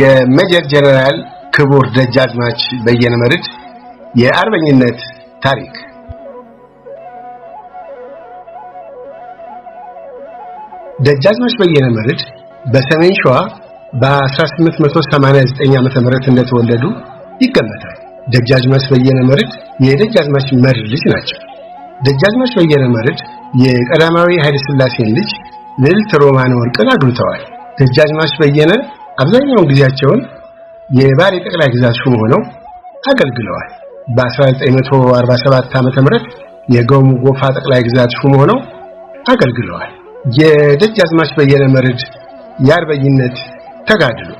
የሜጀር ጀነራል ክቡር ደጃዝማች በየነ መርድ የአርበኝነት ታሪክ ደጃዝማች በየነ መርድ በሰሜን ሸዋ በ1889 ዓመተ እንደተወለዱ ይገመታል። ደጃዝማች በየነ መርድ የደጃዝማች መርድ ልጅ ናቸው። ደጃዝማች በየነ መርድ የቀዳማዊ ኃይለ ሥላሴን ልጅ ልዕልት ሮማን ወርቅን አግብተዋል። ደጃዝማች በየነ አብዛኛውን ጊዜያቸውን የባሌ ጠቅላይ ግዛት ሹም ሆነው አገልግለዋል። በ1947 ዓ.ም የገሙ ጎፋ ጠቅላይ ግዛት ሹም ሆነው አገልግለዋል። የደጃዝማች በየነ መርድ የአርበኝነት ተጋድሎ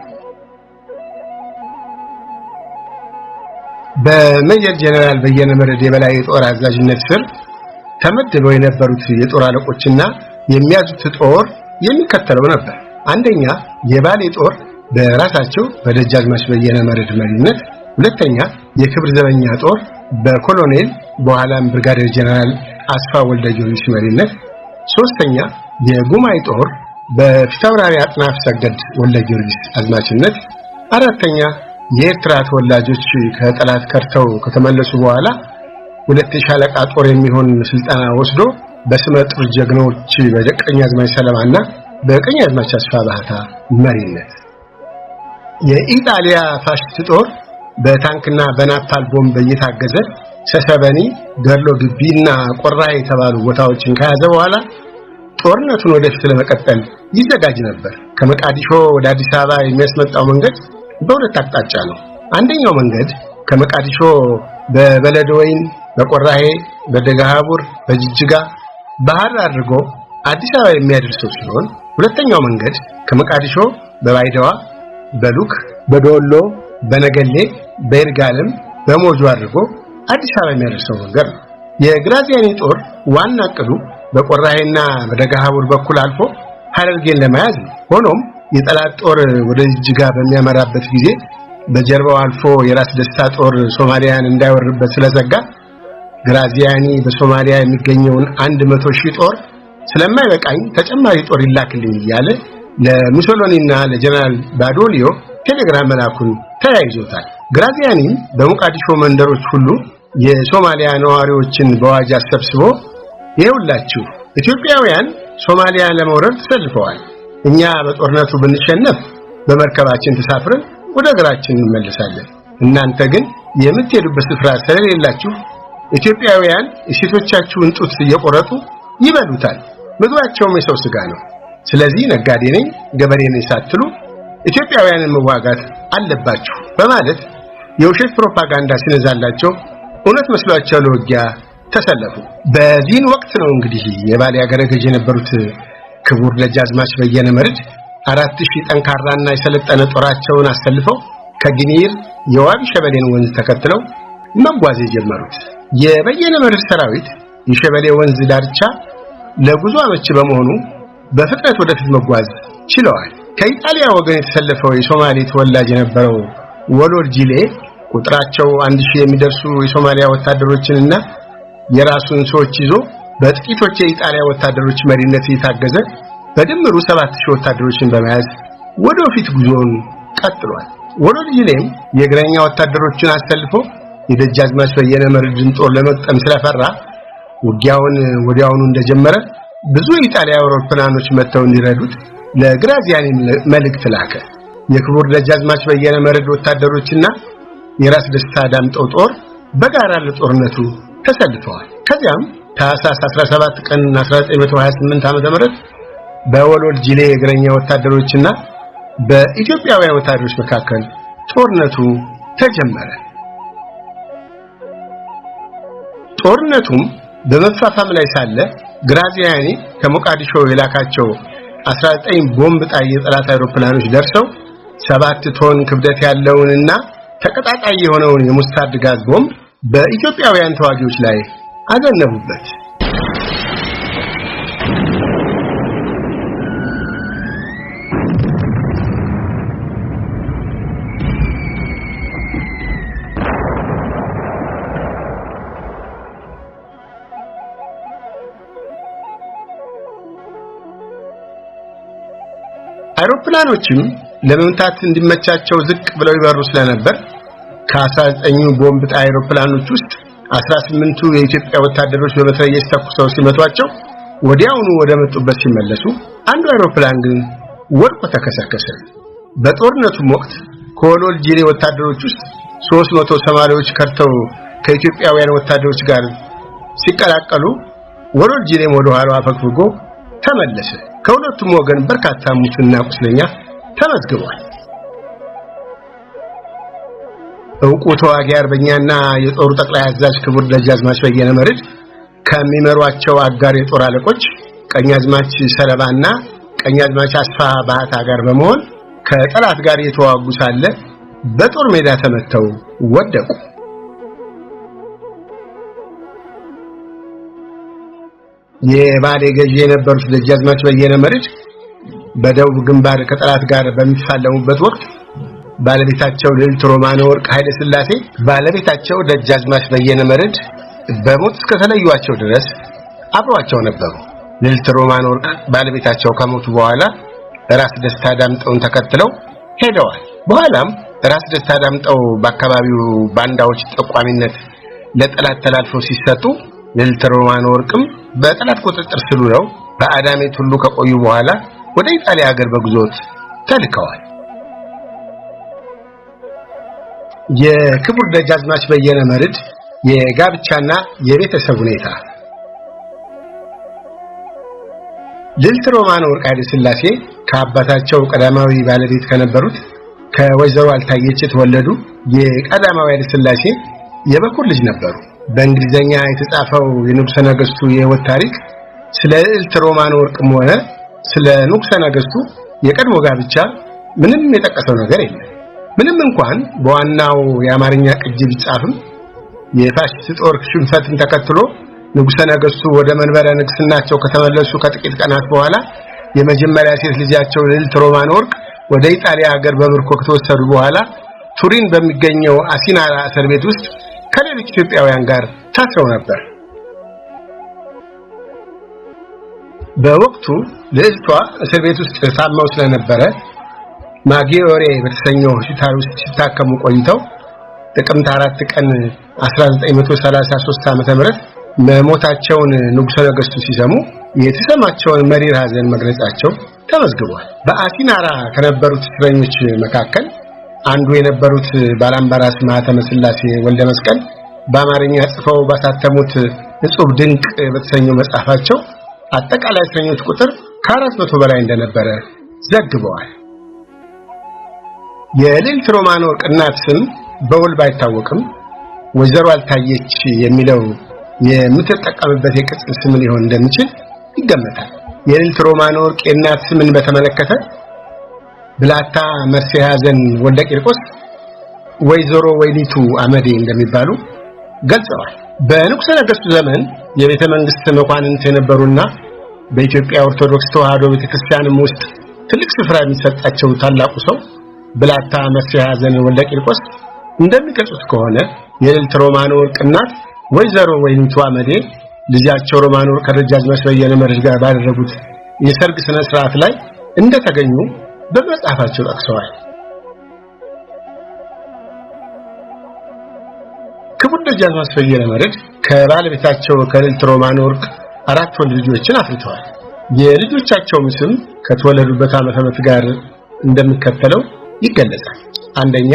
በሜጀር ጀነራል በየነ መርድ የበላይ የጦር አዛዥነት ስር ተመድበው የነበሩት የጦር አለቆችና የሚያዙት ጦር የሚከተለው ነበር። አንደኛ የባሌ ጦር በራሳቸው በደጃዝማች በየነ መርድ መሪነት፣ ሁለተኛ የክብር ዘበኛ ጦር በኮሎኔል በኋላም ብርጋዴር ጀነራል አስፋ ወልደ ጊዮርጊስ መሪነት፣ ሶስተኛ የጉማይ ጦር በፊታውራሪ አጥናፍ ሰገድ ወልደ ጊዮርጊስ አዝማችነት፣ አራተኛ የኤርትራ ተወላጆች ከጠላት ከርተው ከተመለሱ በኋላ ሁለት ሻለቃ ጦር የሚሆን ስልጠና ወስዶ በስመ ጥር ጀግኖች በደቀኛ አዝማች ሰለማና በቀኝ በቀኛዝማች አስፋ ባህታ መሪነት የኢጣሊያ ፋሽስት ጦር በታንክና በናፓል ቦምብ እየታገዘ ሰሰበኒ፣ ገርሎ ግቢና ቆራ የተባሉ ቦታዎችን ከያዘ በኋላ ጦርነቱን ወደፊት ለመቀጠል ይዘጋጅ ነበር። ከመቃዲሾ ወደ አዲስ አበባ የሚያስመጣው መንገድ በሁለት አቅጣጫ ነው። አንደኛው መንገድ ከመቃዲሾ በበለድ ወይን፣ በቆራሄ፣ በደጋሃቡር፣ በጅጅጋ ባህር አድርጎ አዲስ አበባ የሚያደርሰው ሲሆን ሁለተኛው መንገድ ከመቃዲሾ በባይደዋ በሉክ በዶሎ በነገሌ በይርጋለም በሞጆ አድርጎ አዲስ አበባ የሚያደርሰው መንገድ ነው። የግራዚያኒ ጦር ዋና ዕቅዱ በቆራሄና በደጋሃቡር በኩል አልፎ ሐረርጌን ለመያዝ ነው። ሆኖም የጠላት ጦር ወደ ጅጅጋ በሚያመራበት ጊዜ በጀርባው አልፎ የራስ ደስታ ጦር ሶማሊያን እንዳይወርበት ስለዘጋ ግራዚያኒ በሶማሊያ የሚገኘውን አንድ መቶ ሺህ ጦር ስለማይበቃኝ ተጨማሪ ጦር ይላክልኝ እያለ ለሙሶሎኒና ለጀነራል ባዶሊዮ ቴሌግራም መላኩን ተያይዞታል። ግራዚያኒም በሞቃዲሾ መንደሮች ሁሉ የሶማሊያ ነዋሪዎችን በዋጅ አሰብስቦ ይኸውላችሁ ኢትዮጵያውያን ሶማሊያ ለመውረድ ተሰልፈዋል። እኛ በጦርነቱ ብንሸነፍ በመርከባችን ተሳፍረን ወደ ሀገራችን እንመለሳለን። እናንተ ግን የምትሄዱበት ስፍራ ስለሌላችሁ ኢትዮጵያውያን የሴቶቻችሁን ጡት እየቆረጡ ይበሉታል። ምግባቸውም የሰው ስጋ ነው። ስለዚህ ነጋዴ ነኝ ገበሬ ነኝ ሳትሉ ኢትዮጵያውያንን መዋጋት አለባችሁ በማለት የውሸት ፕሮፓጋንዳ ሲነዛላቸው እውነት መስሏቸው ለውጊያ ተሰለፉ። በዚህን ወቅት ነው እንግዲህ የባሌ አገረ ገዥ የነበሩት ክቡር ደጃዝማች በየነ መርድ አራት ሺህ ጠንካራና የሰለጠነ ጦራቸውን አሰልፈው ከግኒር የዋቢ ሸበሌን ወንዝ ተከትለው መጓዝ የጀመሩት። የበየነ መርድ ሰራዊት የሸበሌ ወንዝ ዳርቻ ለጉዞ አመቺ በመሆኑ በፍጥነት ወደፊት መጓዝ ችለዋል። ከኢጣሊያ ወገን የተሰለፈው የሶማሌ ተወላጅ የነበረው ወሎድ ጂሌ ቁጥራቸው አንድ ሺህ የሚደርሱ የሶማሊያ ወታደሮችንና የራሱን ሰዎች ይዞ በጥቂቶች የኢጣሊያ ወታደሮች መሪነት እየታገዘ በድምሩ 7000 ወታደሮችን በመያዝ ወደፊት ጉዞውን ቀጥሏል። ወሎድ ጂሌም የእግረኛ ወታደሮችን አሰልፎ የደጃዝማች በየነ መርድን ጦር ለመቅጠም ስለፈራ ውጊያውን ወዲያውኑ እንደጀመረ ብዙ የኢጣሊያ አውሮፕላኖች መጥተው እንዲረዱት ለግራዚያኒ መልእክት ላከ። የክቡር ደጃዝማች በየነ መርድ ወታደሮችና የራስ ደስታ ዳምጠው ጦር በጋራ ለጦርነቱ ተሰልፈዋል። ከዚያም ታህሳስ 17 ቀን 1928 ዓ.ም በወሎል ጅሌ የእግረኛ ወታደሮችና በኢትዮጵያውያን ወታደሮች መካከል ጦርነቱ ተጀመረ። ጦርነቱም በመፋፋም ላይ ሳለ ግራዚያኒ ከሞቃዲሾ የላካቸው 19 ቦምብ ጣይ የጠላት አውሮፕላኖች ደርሰው ሰባት ቶን ክብደት ያለውንና ተቀጣጣይ የሆነውን የሙስታርድ ጋዝ ቦምብ በኢትዮጵያውያን ተዋጊዎች ላይ አዘነቡበት። አውሮፕላኖችም ለመምታት እንዲመቻቸው ዝቅ ብለው ይበሩ ስለነበር ከ19ኙ ቦምብ አውሮፕላኖች ውስጥ 18ቱ የኢትዮጵያ ወታደሮች በመትረየስ ተኩሰው ሲመቷቸው ወዲያውኑ ወደ መጡበት ሲመለሱ አንዱ አውሮፕላን ግን ወድቆ ተከሰከሰ። በጦርነቱም ወቅት ከወሎል ጅሬ ወታደሮች ውስጥ 300 ሰማሪዎች ከርተው ከኢትዮጵያውያን ወታደሮች ጋር ሲቀላቀሉ ወሎል ጅሬም ወደ ኋላው አፈግፍጎ ተመለሰ። ከሁለቱም ወገን በርካታ ሙስና ቁስለኛ ተመዝግቧል። እውቁ ተዋጊ አርበኛና የጦሩ ጠቅላይ አዛዥ ክቡር ደጃዝማች በየነ መርድ ከሚመሯቸው አጋር የጦር አለቆች ቀኛዝማች ሰለባና ቀኛዝማች አስፋ ባህታ ጋር በመሆን ከጠላት ጋር የተዋጉ ሳለ በጦር ሜዳ ተመተው ወደቁ። የባሌ ገዢ የነበሩት ደጃዝማች በየነ መርድ በደቡብ ግንባር ከጠላት ጋር በሚፋለሙበት ወቅት ባለቤታቸው ልዕልት ሮማነ ወርቅ ኃይለ ሥላሴ ባለቤታቸው ደጃዝማች በየነ መርድ በሞት እስከተለዩቸው ድረስ አብሯቸው ነበሩ። ልዕልት ሮማነ ወርቅ ባለቤታቸው ከሞቱ በኋላ ራስ ደስታ ዳምጠውን ተከትለው ሄደዋል። በኋላም ራስ ደስታ ዳምጠው በአካባቢው ባንዳዎች ጠቋሚነት ለጠላት ተላልፈው ሲሰጡ ልዕልት ወርቅም በጠላት ቁጥጥር ስር ውለው በአዳሜት ሁሉ ከቆዩ በኋላ ወደ ኢጣሊያ ሀገር በጉዞት ተልከዋል። የክቡር ደጃዝማች በየነ መርድ የጋብቻና የቤተሰብ ሁኔታ ልዕልት ወርቅ ኃይለ ሥላሴ ከአባታቸው ቀዳማዊ ባለቤት ከነበሩት ከወይዘሮ አልታየች የተወለዱ የቀዳማዊ ኃይለ ሥላሴ የበኩር ልጅ ነበሩ። በእንግሊዘኛ የተጻፈው የንጉሰ ነገስቱ የሕይወት ታሪክ ስለ እልት ሮማን ወርቅም ሆነ ስለ ንጉሰ ነገስቱ የቀድሞ ጋብቻ ምንም የጠቀሰው ነገር የለም። ምንም እንኳን በዋናው የአማርኛ ቅጅ ቢጻፍም የፋሽስት ጦር ሽንፈትን ተከትሎ ንጉሰ ነገስቱ ወደ መንበረ ንግስናቸው ከተመለሱ ከጥቂት ቀናት በኋላ የመጀመሪያ ሴት ልጃቸው ልዕልት ሮማን ወርቅ ወደ ኢጣሊያ ሀገር በምርኮ ከተወሰዱ በኋላ ቱሪን በሚገኘው አሲናራ እስር ቤት ውስጥ ከሌሎች ኢትዮጵያውያን ጋር ታስረው ነበር። በወቅቱ ልዕልቷ እስር ቤት ውስጥ ታመው ስለነበረ ማጊዮሬ በተሰኘው ሆስፒታል ውስጥ ሲታከሙ ቆይተው ጥቅምት 4 ቀን 1933 ዓ.ም መሞታቸውን ንጉሠ ነገሥቱ ሲሰሙ የተሰማቸውን መሪር ሐዘን መግለጻቸው ተመዝግቧል። በአሲናራ ከነበሩት እስረኞች መካከል አንዱ የነበሩት ባላምባራስ ማኅተመ ስላሴ ወልደ መስቀል በአማርኛ ጽፈው ባሳተሙት እጹብ ድንቅ በተሰኘው መጽሐፋቸው አጠቃላይ እስረኞች ቁጥር ከአራት መቶ በላይ እንደነበረ ዘግበዋል። የልዕልት ሮማን እናት ስም በውል ባይታወቅም ወይዘሮ አልታየች የሚለው የምትጠቀምበት የቅጽል ስም ሊሆን እንደሚችል ይገመታል። የልዕልት ሮማን ወርቅ የእናት ስምን በተመለከተ ብላታ መርሴ ሀዘን ወልደ ቂርቆስ ወይዘሮ ወይኒቱ አመዴ እንደሚባሉ ገልጸዋል። በንጉሠ ነገሥቱ ዘመን የቤተ መንግሥት መኳንንት የነበሩና በኢትዮጵያ ኦርቶዶክስ ተዋሕዶ ቤተክርስቲያን ውስጥ ትልቅ ስፍራ የሚሰጣቸው ታላቁ ሰው ብላታ መርሴ ሀዘን ወልደ ቂርቆስ እንደሚገልጹት ከሆነ የልዕልት ሮማን ወርቅ እናት ወይዘሮ ወይኒቱ አመዴ ልጃቸው ሮማን ወርቅ ከደጃዝማች በየነ መርዕድ ጋር ባደረጉት የሰርግ ስነ ስርዓት ላይ እንደተገኙ በመጽሐፋቸው ጠቅሰዋል። ክቡር ደጃዝማች በየነ መርድ ከባለቤታቸው ከልዕልት ሮማን ወርቅ አራት ወንድ ልጆችን አፍርተዋል። የልጆቻቸውም ስም ከተወለዱበት ዓመተ ምት ጋር እንደሚከተለው ይገለጻል። አንደኛ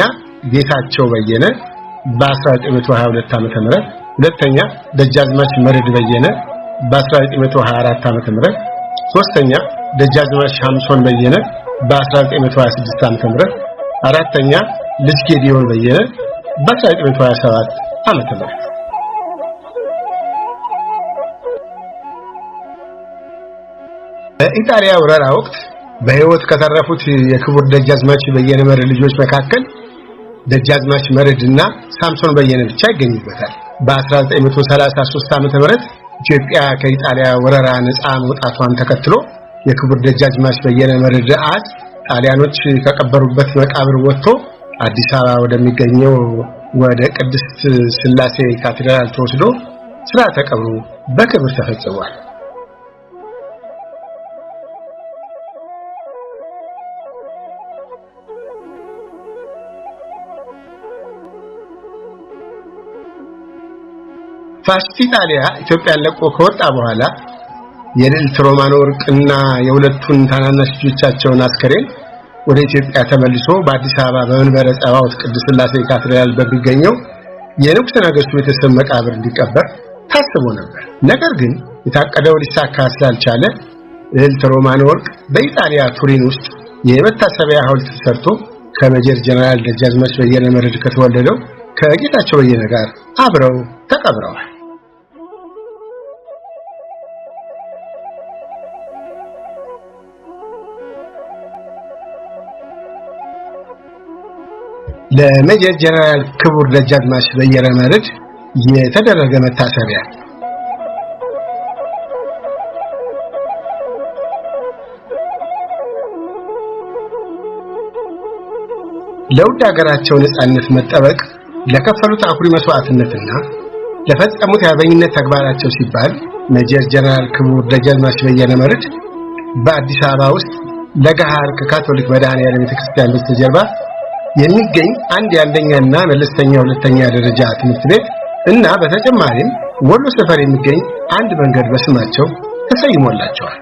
ጌታቸው በየነ በ1922 ዓመተ ምህረት፣ ሁለተኛ ደጃዝማች መርድ በየነ በ1924 ዓመተ ምህረት፣ ሶስተኛ ደጃዝማች ሻምሶን በየነ በ1926 ዓ.ም አራተኛ ልጅ ጌዲዮን በየነ በ1927 ዓ.ም በኢጣሊያ ወረራ ወቅት በህይወት ከተረፉት የክቡር ደጃዝማች በየነ መርዕድ ልጆች መካከል ደጃዝማች መርዕድና ሳምሶን በየነ ብቻ ይገኙበታል። በ1933 ዓ.ም ኢትዮጵያ ከኢጣሊያ ወረራ ነፃ መውጣቷን ተከትሎ የክቡር ደጃዝማች በየነ መርድ አዝ ጣሊያኖች ከቀበሩበት መቃብር ወጥቶ አዲስ አበባ ወደሚገኘው ወደ ቅድስት ስላሴ ካቴድራል ተወስዶ ስራ ቀብሩ በክብር ተፈጽሟል። ፋሺስት ኢጣሊያ ኢትዮጵያን ለቆ ከወጣ በኋላ የልዕልት ሮማን ወርቅና የሁለቱን ታናናሽ ልጆቻቸውን አስከሬን ወደ ኢትዮጵያ ተመልሶ በአዲስ አበባ በመንበረ ጸባኦት ቅድስት ሥላሴ ካቴድራል በሚገኘው የንጉሠ ነገሥቱ ቤተሰብ መቃብር እንዲቀበር ታስቦ ነበር። ነገር ግን የታቀደው ሊሳካ ስላልቻለ ልዕልት ሮማን ወርቅ በኢጣሊያ ቱሪን ውስጥ የመታሰቢያ ሐውልት ተሰርቶ ከመጀር ጀነራል ደጃዝማች በየነ መርዕድ ከተወለደው ከጌታቸው በየነ ጋር አብረው ተቀብረዋል። ለሜጀር ጀነራል ክቡር ደጃዝማች በየነ መርድ የተደረገ መታሰቢያ ለውድ ሀገራቸው ነጻነት መጠበቅ ለከፈሉት አኩሪ መስዋዕትነትና ለፈጸሙት የአርበኝነት ተግባራቸው ሲባል ሜጀር ጀነራል ክቡር ደጃዝማች በየነ መርድ በአዲስ አበባ ውስጥ ለገሃር ከካቶሊክ መድኃኔዓለም ቤተክርስቲያን በስተጀርባ የሚገኝ አንድ የአንደኛና መለስተኛ ሁለተኛ ደረጃ ትምህርት ቤት እና በተጨማሪም ወሎ ሰፈር የሚገኝ አንድ መንገድ በስማቸው ተሰይሞላቸዋል።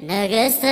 ነገሥተ